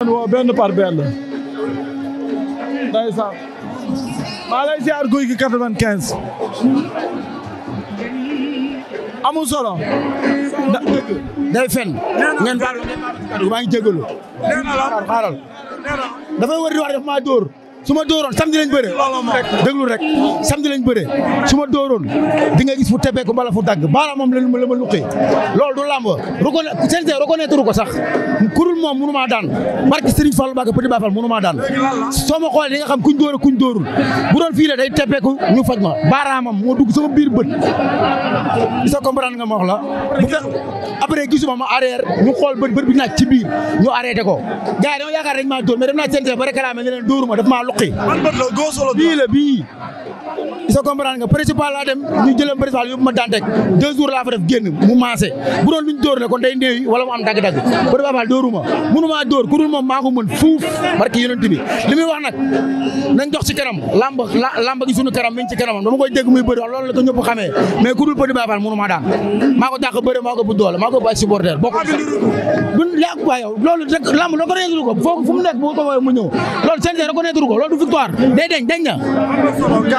leen woo benn par benn ndeysaan maa lay ziar guy gi quatre vingt solo day fen ngeen baal maa ngi jégalu xaaral dafay wër di wax daf maa dóor su ma dooroon samedi lañ bëre déglu rek samedi lañ su ma dooroon di nga gis fu tebeeku mbala fu dagg baala moom la ma la ma luqi loolu du làmb reconna CNG reconnaître ko sax kurul moom mënu maa daan barke Serigne Fallou Mbacké Petit Baye Fall mënu ma daan soo ma xoolee di nga xam kuñ dóor kuñ dóorul bu doon fii la day ñu faj ma baaraamam moo dugg sama biir bët ko comprendre nga ma wax la bu fekk après gisuma ma arrière ñu xool bët bët bi naaj ci biir ñu arrêté ko gars yi dañoo yaakaar soqi. ban bët la góos wala bii la bii. soo comprendre nga principal laa dem ñu jëlee principal yóbbu ma Dantec deux jours laa fa def génn mu maase bu doon luñ dóor la kon day ndeeyi wala mu am dagg-dagg principal dóoruma mënumaa dóor ku dul moom maa ko mën fuuf barki yonent bi li muy wax nag nañ dox ci kanam lamb lamb gi suñu kanam mi ngi ci kanamam dama koy dégg muy bëri wax loolu la ko ñëpp xamee mais ku dul Petit Baye Fall mënumaa daan maa ko dàq bëri maa ko bu doole maa ko bu